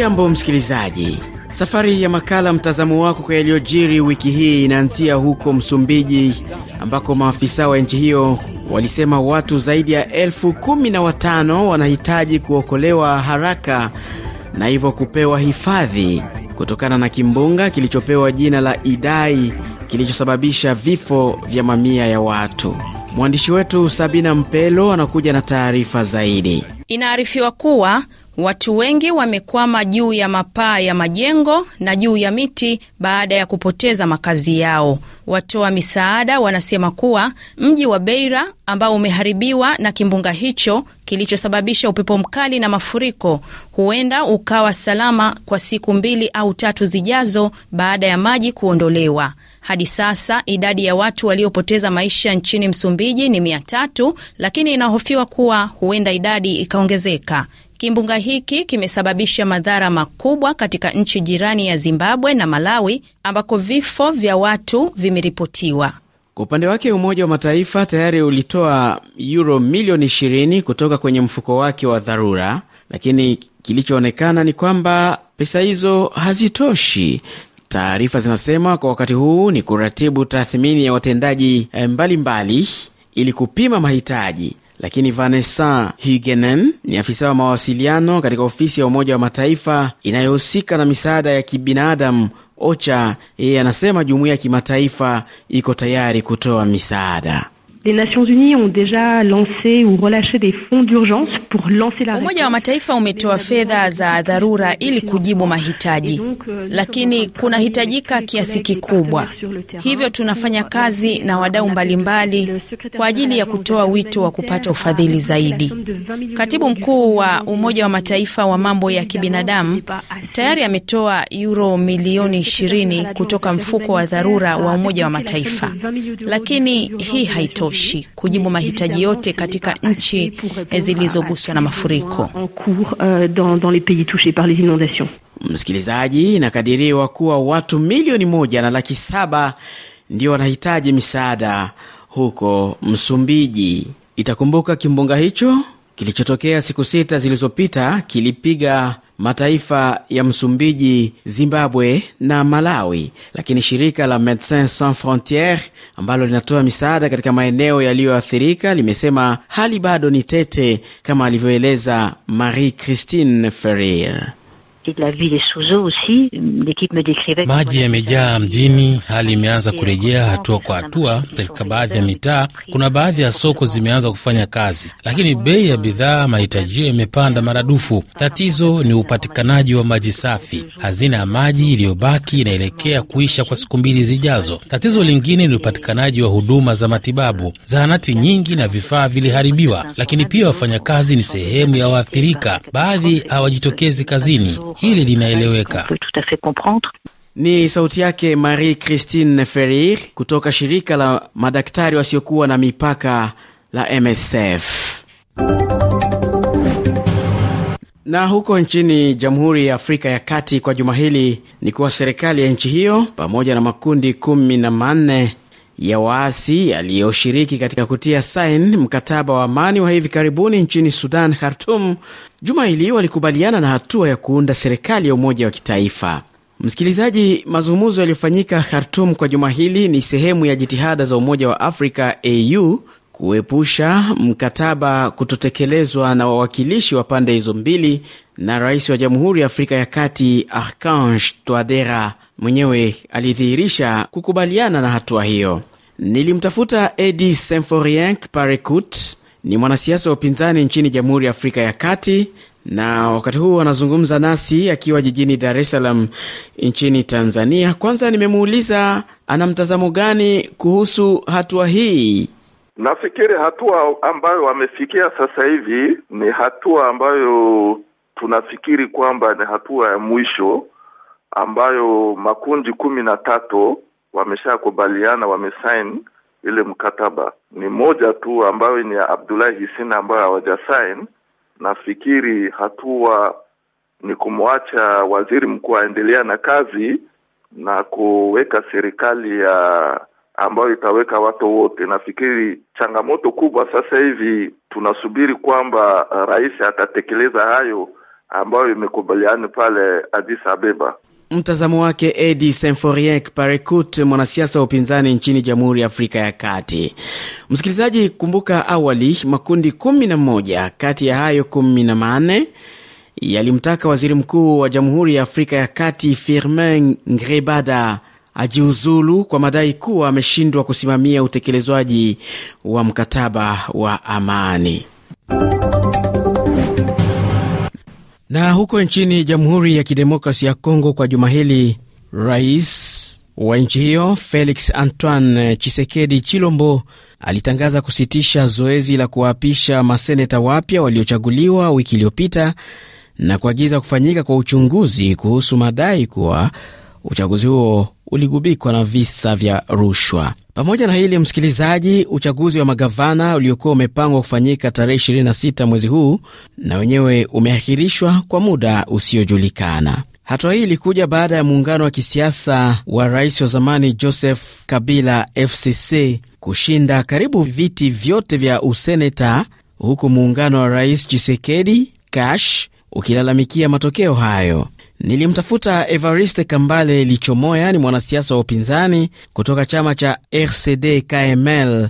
Hujambo msikilizaji, safari ya makala mtazamo wako kwa yaliyojiri wiki hii inaanzia huko Msumbiji ambako maafisa wa nchi hiyo walisema watu zaidi ya elfu kumi na watano wanahitaji kuokolewa haraka na hivyo kupewa hifadhi kutokana na kimbunga kilichopewa jina la Idai kilichosababisha vifo vya mamia ya watu. Mwandishi wetu Sabina Mpelo anakuja na taarifa zaidi. Inaarifiwa kuwa Watu wengi wamekwama juu ya mapaa ya majengo na juu ya miti baada ya kupoteza makazi yao. Watoa misaada wanasema kuwa mji wa Beira ambao umeharibiwa na kimbunga hicho kilichosababisha upepo mkali na mafuriko huenda ukawa salama kwa siku mbili au tatu zijazo baada ya maji kuondolewa. Hadi sasa idadi ya watu waliopoteza maisha nchini Msumbiji ni mia tatu, lakini inahofiwa kuwa huenda idadi ikaongezeka. Kimbunga hiki kimesababisha madhara makubwa katika nchi jirani ya Zimbabwe na Malawi ambako vifo vya watu vimeripotiwa. Kwa upande wake Umoja wa Mataifa tayari ulitoa euro milioni 20 kutoka kwenye mfuko wake wa dharura, lakini kilichoonekana ni kwamba pesa hizo hazitoshi. Taarifa zinasema kwa wakati huu ni kuratibu tathmini ya watendaji eh, mbalimbali ili kupima mahitaji lakini Vanessa Hugenen ni afisa wa mawasiliano katika ofisi ya Umoja wa Mataifa inayohusika na misaada ya kibinadamu OCHA. Yeye anasema jumuiya ya kimataifa iko tayari kutoa misaada. Umoja wa Mataifa umetoa fedha za dharura ili kujibu mahitaji, euh, lakini kunahitajika kiasi kikubwa. Hivyo tunafanya kazi na wadau mbalimbali kwa ajili ya kutoa wito wa kupata ufadhili zaidi. Katibu mkuu wa Umoja wa Mataifa wa mambo ya kibinadamu tayari ametoa euro milioni 20 kutoka mfuko wa dharura wa Umoja wa Mataifa, lakini hii haitoshi haitoshi kujibu mahitaji yote katika nchi zilizoguswa na mafuriko. Euh, Msikilizaji, inakadiriwa kuwa watu milioni moja na laki saba ndio wanahitaji misaada huko Msumbiji. Itakumbuka kimbunga hicho kilichotokea siku sita zilizopita kilipiga mataifa ya Msumbiji, Zimbabwe na Malawi, lakini shirika la Medecins Sans Frontieres ambalo linatoa misaada katika maeneo yaliyoathirika limesema hali bado ni tete, kama alivyoeleza Marie Christine Ferrier la vile Suzo aussi, maji yamejaa mjini, hali imeanza kurejea hatua kwa hatua katika baadhi ya mitaa. Kuna baadhi ya soko zimeanza kufanya kazi, lakini bei ya bidhaa mahitajio yamepanda maradufu. Tatizo ni upatikanaji wa maji safi. Hazina ya maji iliyobaki inaelekea kuisha kwa siku mbili zijazo. Tatizo lingine ni upatikanaji wa huduma za matibabu. Zahanati nyingi na vifaa viliharibiwa, lakini pia wafanyakazi ni sehemu ya waathirika. Baadhi hawajitokezi kazini. Euh, hili linaeleweka. Ni sauti yake Marie Christine ferir kutoka shirika la madaktari wasiokuwa na mipaka la MSF. Na huko nchini Jamhuri ya Afrika ya Kati kwa juma hili ni kuwa serikali ya nchi hiyo pamoja na makundi kumi na manne ya waasi yaliyoshiriki katika kutia sain mkataba wa amani wa hivi karibuni nchini Sudan, Khartum, juma hili walikubaliana na hatua ya kuunda serikali ya umoja wa kitaifa. Msikilizaji, mazungumzo yaliyofanyika Khartum kwa juma hili ni sehemu ya jitihada za Umoja wa Afrika au kuepusha mkataba kutotekelezwa na wawakilishi wa pande hizo mbili na rais wa Jamhuri ya Afrika ya Kati Archange Touadera mwenyewe alidhihirisha kukubaliana na hatua hiyo. Nilimtafuta Edi Semforien parecut ni mwanasiasa wa upinzani nchini Jamhuri ya Afrika ya Kati, na wakati huu anazungumza nasi akiwa jijini Dar es Salaam nchini Tanzania. Kwanza nimemuuliza ana mtazamo gani kuhusu hatua hii. Nafikiri hatua ambayo wamefikia sasa hivi ni hatua ambayo tunafikiri kwamba ni hatua ya mwisho ambayo makundi kumi na tatu wameshakubaliana, wamesain ile mkataba. Ni moja tu ambayo ni ya abdulahi Hisina ambayo hawajasain. Nafikiri hatua ni kumwacha waziri mkuu aendelea na kazi na kuweka serikali ya ambayo itaweka watu wote. Nafikiri changamoto kubwa sasa hivi tunasubiri kwamba rais atatekeleza hayo ambayo imekubaliani pale adis Abeba. Mtazamo wake Edi Semforiek Parekut, mwanasiasa wa upinzani nchini Jamhuri ya Afrika ya Kati. Msikilizaji, kumbuka awali makundi kumi na moja kati ya hayo kumi na manne yalimtaka waziri mkuu wa Jamhuri ya Afrika ya Kati Firmin Ngrebada ajiuzulu kwa madai kuwa ameshindwa kusimamia utekelezwaji wa mkataba wa amani. Na huko nchini Jamhuri ya Kidemokrasi ya Kongo, kwa juma hili rais wa nchi hiyo Felix Antoine Chisekedi Chilombo alitangaza kusitisha zoezi la kuwaapisha maseneta wapya waliochaguliwa wiki iliyopita na kuagiza kufanyika kwa uchunguzi kuhusu madai kuwa uchaguzi huo uligubikwa na visa vya rushwa. Pamoja na hili, msikilizaji, uchaguzi wa magavana uliokuwa umepangwa kufanyika tarehe 26 mwezi huu na wenyewe umeahirishwa kwa muda usiojulikana. Hatua hii ilikuja baada ya muungano wa kisiasa wa rais wa zamani Joseph Kabila FCC kushinda karibu viti vyote vya useneta, huku muungano wa rais Chisekedi Kash ukilalamikia matokeo hayo. Nilimtafuta Evariste Kambale Lichomoya, ni mwanasiasa wa upinzani kutoka chama cha RCD KML,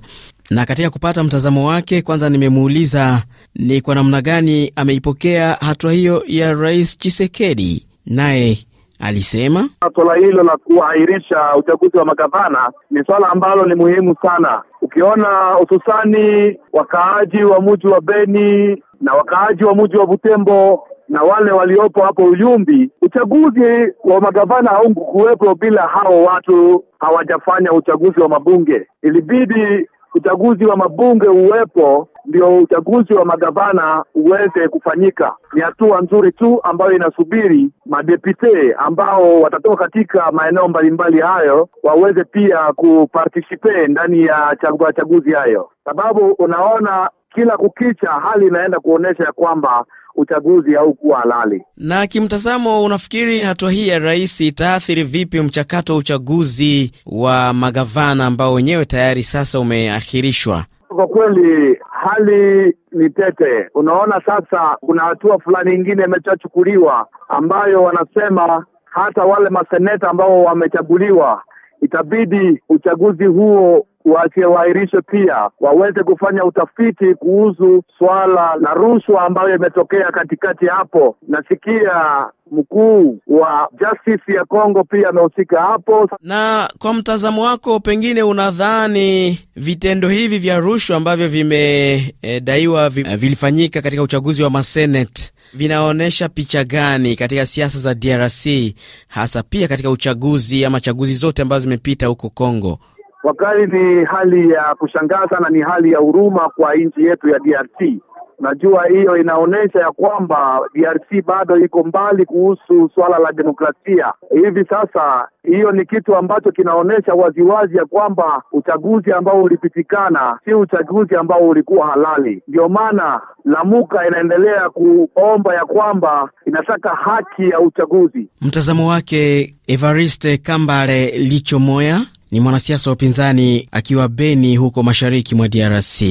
na katika kupata mtazamo wake, kwanza nimemuuliza ni kwa namna gani ameipokea hatua hiyo ya Rais Chisekedi, naye alisema swala hilo la kuahirisha uchaguzi wa magavana ni swala ambalo ni muhimu sana. Ukiona hususani wakaaji wa muji wa Beni na wakaaji wa muji wa Butembo na wale waliopo hapo Uyumbi. Uchaguzi wa magavana kuwepo bila hao watu hawajafanya uchaguzi wa mabunge. Ilibidi uchaguzi wa mabunge uwepo ndio uchaguzi wa magavana uweze kufanyika. Ni hatua nzuri tu ambayo inasubiri madepute ambao watatoka katika maeneo mbalimbali hayo waweze pia kupartisipe ndani ya wachaguzi hayo, sababu unaona kila kukicha hali inaenda kuonyesha ya kwamba uchaguzi au kuwa halali. Na kimtazamo, unafikiri hatua hii ya rais itaathiri vipi mchakato wa uchaguzi wa magavana ambao wenyewe tayari sasa umeahirishwa? Kwa kweli hali ni tete. Unaona, sasa kuna hatua fulani ingine imeshachukuliwa ambayo wanasema hata wale maseneta ambao wamechaguliwa itabidi uchaguzi huo wasiwaahirishwe pia waweze kufanya utafiti kuhusu swala la rushwa ambayo imetokea katikati hapo. Nasikia mkuu wa justice ya Kongo pia amehusika hapo. Na kwa mtazamo wako, pengine unadhani vitendo hivi vya rushwa ambavyo vimedaiwa e, vi, eh, vilifanyika katika uchaguzi wa masenet vinaonyesha picha gani katika siasa za DRC hasa pia katika uchaguzi ama chaguzi zote ambazo zimepita huko Kongo? Wakali ni hali ya kushangaza na ni hali ya huruma kwa nchi yetu ya DRC. Najua hiyo inaonyesha ya kwamba DRC bado iko mbali kuhusu swala la demokrasia hivi sasa. Hiyo ni kitu ambacho kinaonyesha waziwazi ya kwamba uchaguzi ambao ulipitikana si uchaguzi ambao ulikuwa halali. Ndio maana Lamuka inaendelea kuomba ya kwamba inataka haki ya uchaguzi. Mtazamo wake Evariste Kambale Lichomoya, ni mwanasiasa wa upinzani akiwa Beni huko mashariki mwa DRC.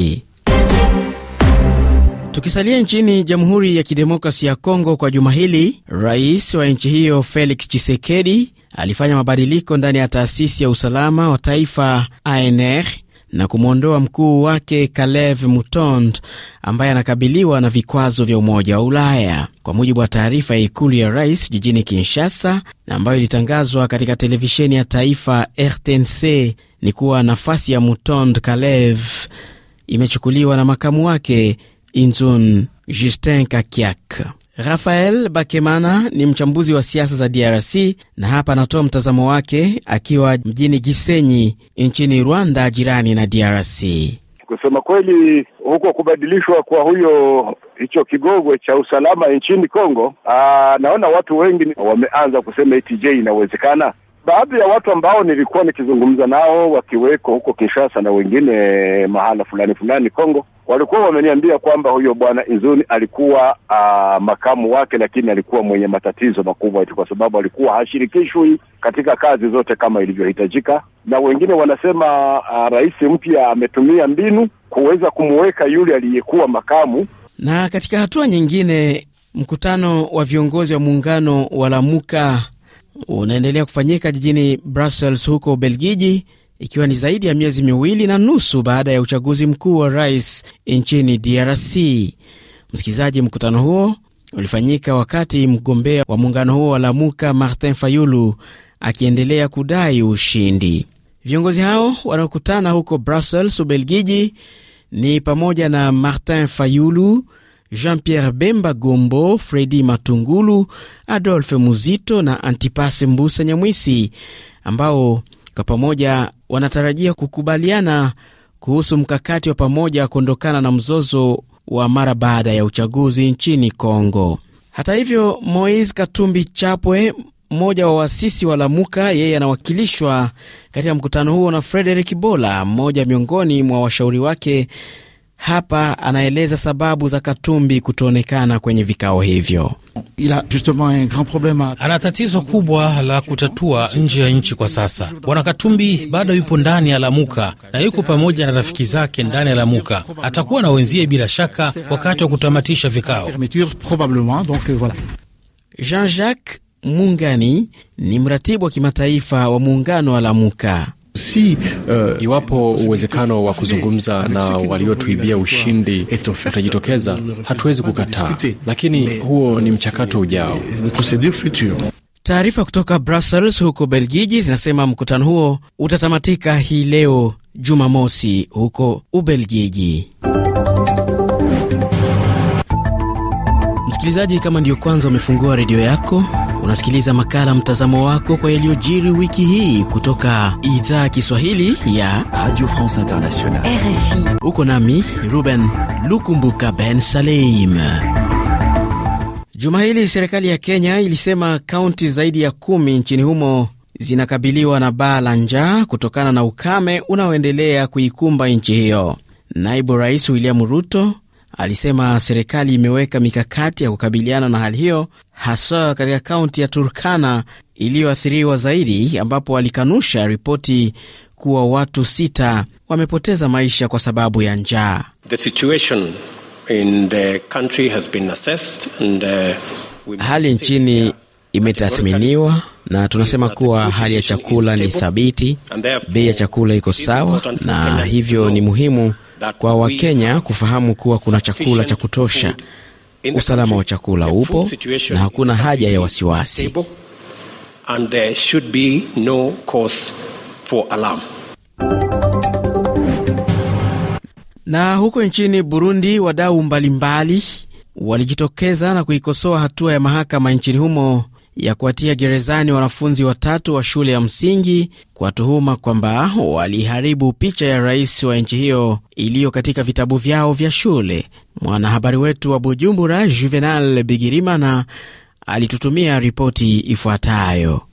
Tukisalia nchini Jamhuri ya Kidemokrasi ya Kongo, kwa juma hili rais wa nchi hiyo Felix Tshisekedi alifanya mabadiliko ndani ya taasisi ya usalama wa taifa ANR na kumwondoa mkuu wake Kalev Mutond ambaye anakabiliwa na vikwazo vya Umoja wa Ulaya, kwa mujibu wa taarifa ya ikulu ya rais jijini Kinshasa na ambayo ilitangazwa katika televisheni ya taifa RTNC ni kuwa nafasi ya Mutond Kalev imechukuliwa na makamu wake Inzun Justin Kakiak. Rafael Bakemana ni mchambuzi wa siasa za DRC na hapa anatoa mtazamo wake akiwa mjini Gisenyi nchini Rwanda, jirani na DRC. Kusema kweli, huko kubadilishwa kwa huyo hicho kigogwe cha usalama nchini Kongo, aa, naona watu wengi wameanza kusema eti je, inawezekana baadhi ya watu ambao nilikuwa nikizungumza nao wakiweko huko Kinshasa na wengine mahala fulani fulani Kongo, walikuwa wameniambia kwamba huyo bwana Izuni alikuwa aa, ah, makamu wake, lakini alikuwa mwenye matatizo makubwa kwa sababu alikuwa hashirikishwi katika kazi zote kama ilivyohitajika, na wengine wanasema ah, rais mpya ametumia mbinu kuweza kumuweka yule aliyekuwa makamu. Na katika hatua nyingine, mkutano wa viongozi wa muungano wa Lamuka unaendelea kufanyika jijini Brussels huko Ubelgiji, ikiwa ni zaidi ya miezi miwili na nusu baada ya uchaguzi mkuu wa rais nchini DRC. Msikilizaji, mkutano huo ulifanyika wakati mgombea wa muungano huo wa Lamuka Martin Fayulu akiendelea kudai ushindi. Viongozi hao wanaokutana huko Brussels, Ubelgiji ni pamoja na Martin Fayulu, Jean-Pierre Bemba Gombo, Fredi Matungulu, Adolphe Muzito na Antipase Mbusa Nyamwisi ambao kwa pamoja wanatarajia kukubaliana kuhusu mkakati wa pamoja kuondokana na mzozo wa mara baada ya uchaguzi nchini Kongo. Hata hivyo, Moise Katumbi Chapwe, mmoja wa waasisi wa Lamuka, yeye anawakilishwa katika mkutano huo na Frederik Bola, mmoja miongoni mwa washauri wake hapa anaeleza sababu za Katumbi kutoonekana kwenye vikao hivyo. Ana tatizo kubwa la kutatua nje ya nchi kwa sasa. Bwana Katumbi bado yupo ndani ya Lamuka na yuko pamoja na rafiki zake ndani ya Lamuka. Atakuwa na wenzie bila shaka wakati wa kutamatisha vikao. Euh, Jean-Jacques Mungani ni mratibu wa kimataifa wa muungano wa Lamuka. Si, uh, iwapo uwezekano wa kuzungumza na waliotuibia ushindi utajitokeza, hatuwezi kukataa, lakini huo ni mchakato ujao. Taarifa kutoka Brussels huko Belgiji zinasema mkutano huo utatamatika hii leo Jumamosi huko Ubelgiji. Msikilizaji, kama ndiyo kwanza umefungua redio yako Unasikiliza makala mtazamo wako kwa yaliyojiri wiki hii kutoka idhaa Kiswahili ya Radio France Internationale, RFI. Uko nami Ruben Lukumbuka Ben Saleim. Juma hili serikali ya Kenya ilisema kaunti zaidi ya kumi nchini humo zinakabiliwa na baa la njaa kutokana na ukame unaoendelea kuikumba nchi hiyo. Naibu Rais William Ruto alisema serikali imeweka mikakati ya kukabiliana na hali hiyo, haswa katika kaunti ya Turkana iliyoathiriwa zaidi, ambapo alikanusha ripoti kuwa watu sita wamepoteza maisha kwa sababu ya njaa. Uh, hali nchini imetathminiwa na tunasema kuwa hali ya chakula ni thabiti, bei ya chakula iko sawa, na hivyo ni muhimu kwa Wakenya kufahamu kuwa kuna chakula cha kutosha, usalama wa chakula upo na hakuna haja ya wasiwasi. Na huko nchini Burundi, wadau mbalimbali walijitokeza na kuikosoa hatua ya mahakama nchini humo ya kuwatia gerezani wanafunzi watatu wa shule ya msingi kwa tuhuma kwamba waliharibu picha ya rais wa nchi hiyo iliyo katika vitabu vyao vya shule. Mwanahabari wetu wa Bujumbura, Juvenal Bigirimana, alitutumia ripoti ifuatayo.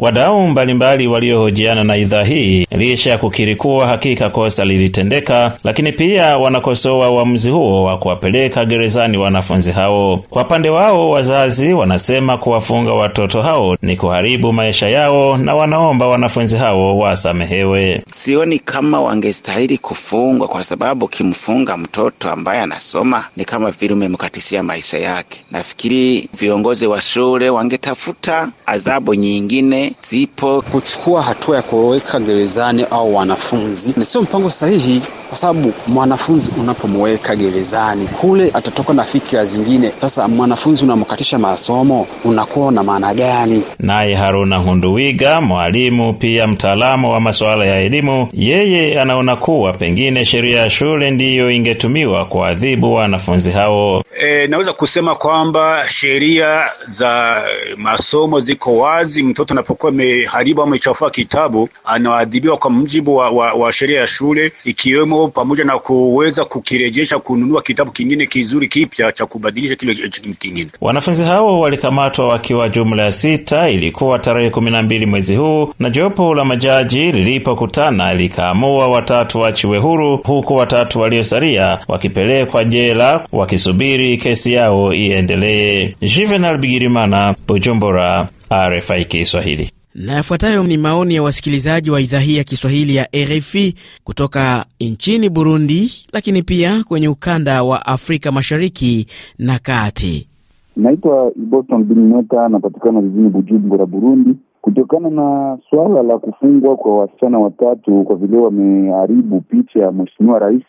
Wadau mbalimbali waliohojiana na idhaa hii licha ya kukiri kuwa hakika kosa lilitendeka, lakini pia wanakosoa uamuzi huo wa kuwapeleka gerezani wanafunzi hao. Kwa upande wao, wazazi wanasema kuwafunga watoto hao ni kuharibu maisha yao na wanaomba wanafunzi hao wasamehewe. Sioni kama wangestahili kufungwa, kwa sababu kimfunga mtoto ambaye anasoma ni kama vile umemkatisia maisha yake. Nafikiri viongozi wa shule wangetafuta adhabu nyingine zipo. Kuchukua hatua ya kuweka gerezani au wanafunzi ni sio mpango sahihi, kwa sababu mwanafunzi unapomweka gerezani kule atatoka na fikira zingine. Sasa mwanafunzi unamkatisha masomo, unakuwa na maana gani? Naye Haruna Hunduwiga, mwalimu pia mtaalamu wa masuala ya elimu, yeye anaona kuwa pengine sheria ya shule ndiyo ingetumiwa kuadhibu wanafunzi hao. E, naweza kusema kwamba sheria za masomo ziko wazi. Mtoto anapo alikuwa ameharibu ama amechafua kitabu anaadhibiwa kwa mjibu wa, wa, wa sheria ya shule, ikiwemo pamoja na kuweza kukirejesha, kununua kitabu kingine kizuri kipya cha kubadilisha kile kingine. Wanafunzi hao walikamatwa wakiwa jumla ya sita. Ilikuwa tarehe kumi na mbili mwezi huu, na jopo la majaji lilipokutana likaamua watatu wachiwe huru, huku watatu waliosalia wakipelekwa jela wakisubiri kesi yao iendelee. Juvenal Bigirimana, Bujumbura. RFI Kiswahili. Na yafuatayo ni maoni ya wasikilizaji wa idhaa hii ya Kiswahili ya RFI kutoka nchini Burundi, lakini pia kwenye ukanda wa Afrika Mashariki na Kati. Naitwa Iboton Bineta, napatikana jijini Bujumbura, Burundi. Kutokana na suala la kufungwa kwa wasichana watatu kwa vile wameharibu picha ya mheshimiwa rais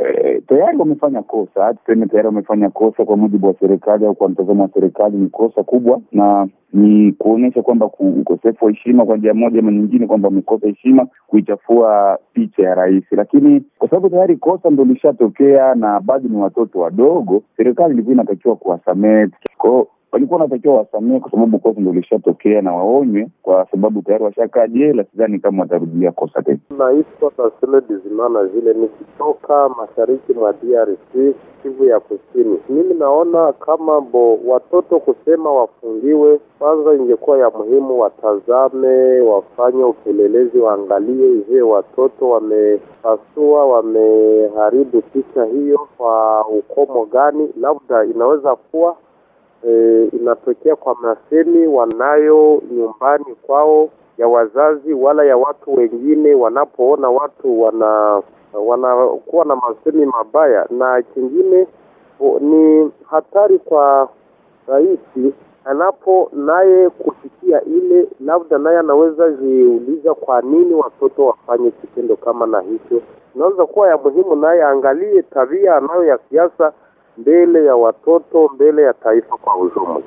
Eh, tayari wamefanya kosa, tuseme tayari wamefanya kosa kwa mujibu wa serikali au kwa mtazamo wa serikali, ni kosa kubwa na ni kuonyesha kwamba ukosefu wa heshima kwa njia moja ama nyingine, kwamba wamekosa heshima kuichafua picha ya rais. Lakini kwa sababu tayari kosa ndo lishatokea na bado ni watoto wadogo, serikali ilikuwa inatakiwa kuwasamehe kwao walikuwa wanatakiwa wasamee kwa sababu kosa ndo lishatokea na waonywe, kwa sababu tayari washakaa jela. Sidhani kama watarudia kosa tena. Naitwa Kasele Dizimana vile nikitoka mashariki mwa DRC, Kivu ya Kusini. Mimi naona kama bo watoto kusema wafungiwe kwanza, ingekuwa ya muhimu watazame, wafanye upelelezi, waangalie, je, watoto wamepasua, wameharibu picha hiyo kwa ukomo gani? Labda inaweza kuwa e, inatokea kwa masemi wanayo nyumbani kwao ya wazazi wala ya watu wengine, wanapoona watu wana wanakuwa na masemi mabaya. Na kingine ni hatari kwa rais anapo naye kufikia ile, labda naye anaweza jiuliza kwa nini watoto wafanye kitendo kama na hicho. Inaweza kuwa ya muhimu naye aangalie tabia anayo ya siasa mbele ya watoto, mbele ya taifa kwa ujumla.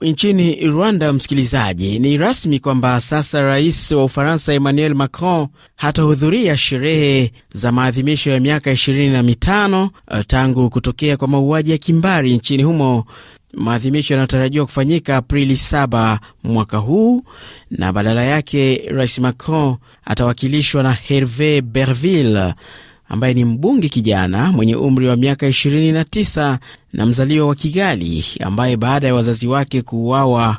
Nchini Rwanda, msikilizaji, ni rasmi kwamba sasa rais wa Ufaransa Emmanuel Macron hatahudhuria sherehe za maadhimisho ya miaka 25 eh, tangu kutokea kwa mauaji ya kimbari nchini humo, maadhimisho yanayotarajiwa kufanyika Aprili 7 mwaka huu, na badala yake rais Macron atawakilishwa na Herve Berville ambaye ni mbunge kijana mwenye umri wa miaka 29 na mzaliwa wa Kigali, ambaye baada ya wazazi wake kuuawa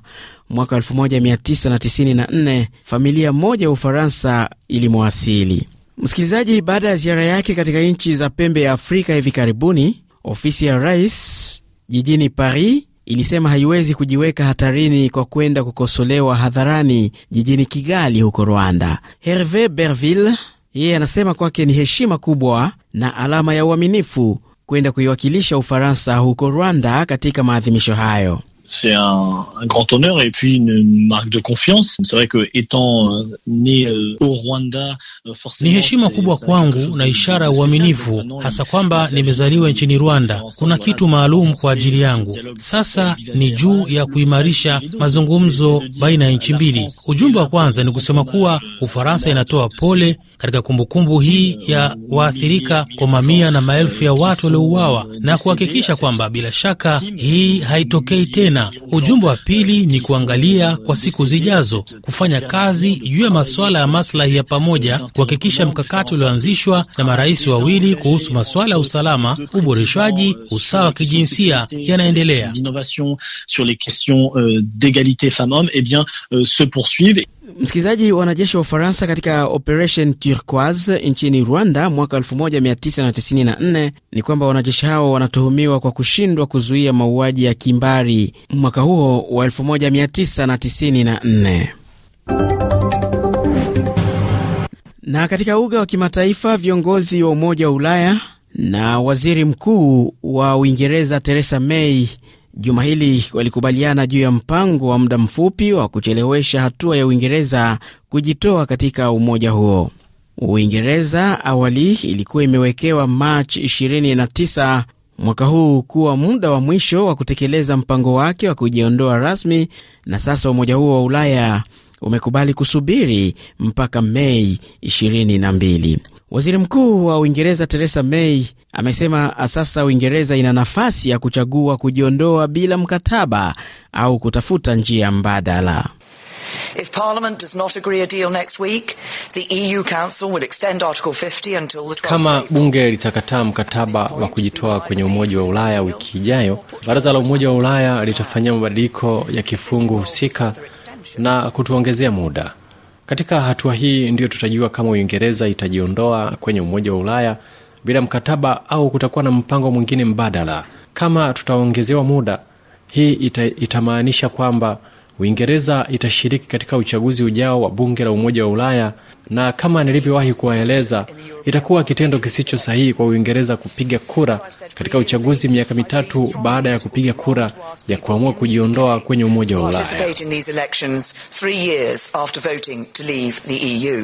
mwaka 1994 familia moja ya Ufaransa ilimwasili. Msikilizaji, baada ya ziara yake katika nchi za pembe ya Afrika hivi karibuni, ofisi ya rais jijini Paris ilisema haiwezi kujiweka hatarini kwa kwenda kukosolewa hadharani jijini Kigali huko Rwanda. Herve Berville yeye anasema kwake ni heshima kubwa na alama ya uaminifu kwenda kuiwakilisha Ufaransa huko Rwanda katika maadhimisho hayo c'est un, un, grand honneur et puis une, une marque de confiance. C'est vrai que étant euh, né euh, au Rwanda, euh, forcément ni heshima kubwa kwangu na ishara ya uaminifu, hasa kwamba nimezaliwa nchini Rwanda. Kuna kitu maalum kwa ajili yangu. Sasa ni juu ya kuimarisha mazungumzo baina ya nchi mbili. Ujumbe wa kwanza ni kusema kuwa Ufaransa inatoa pole katika kumbukumbu hii ya waathirika kwa mamia na maelfu ya euh, watu waliouawa na kuhakikisha kwamba bila shaka hii haitokei tena tena ujumbe wa pili ni kuangalia kwa siku zijazo, kufanya kazi juu ya masuala ya maslahi ya pamoja, kuhakikisha mkakati ulioanzishwa na marais wawili kuhusu masuala ya usalama, uboreshwaji, usawa wa kijinsia yanaendelea. Msikilizaji, wanajeshi wa Ufaransa katika Operation Turquoise nchini Rwanda mwaka 1994 ni kwamba wanajeshi hao wanatuhumiwa kwa kushindwa kuzuia mauaji ya kimbari mwaka huo wa 1994 na katika uga wa kimataifa viongozi wa Umoja wa Ulaya na waziri mkuu wa Uingereza Theresa May juma hili walikubaliana juu ya mpango wa muda mfupi wa kuchelewesha hatua ya Uingereza kujitoa katika umoja huo. Uingereza awali ilikuwa imewekewa Machi 29 mwaka huu kuwa muda wa mwisho wa kutekeleza mpango wake wa kujiondoa rasmi, na sasa umoja huo wa Ulaya umekubali kusubiri mpaka Mei 22. Waziri Mkuu wa Uingereza Theresa May amesema ah, sasa Uingereza ina nafasi ya kuchagua kujiondoa bila mkataba au kutafuta njia mbadala. If Parliament does not agree a deal next week, the EU Council will extend Article 50 until the 12th. Kama bunge litakataa mkataba wa kujitoa kwenye Umoja wa Ulaya wiki ijayo, Baraza la Umoja wa Ulaya litafanyia mabadiliko ya kifungu husika na kutuongezea muda. Katika hatua hii ndiyo tutajua kama Uingereza itajiondoa kwenye Umoja wa Ulaya bila mkataba au kutakuwa na mpango mwingine mbadala. Kama tutaongezewa muda, hii ita, itamaanisha kwamba Uingereza itashiriki katika uchaguzi ujao wa bunge la Umoja wa Ulaya, na kama nilivyowahi kuwaeleza, itakuwa kitendo kisicho sahihi kwa Uingereza kupiga kura katika uchaguzi miaka mitatu baada ya kupiga kura ya kuamua kujiondoa kwenye Umoja wa Ulaya. E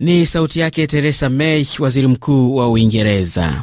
Ni sauti yake Theresa May, waziri mkuu wa Uingereza.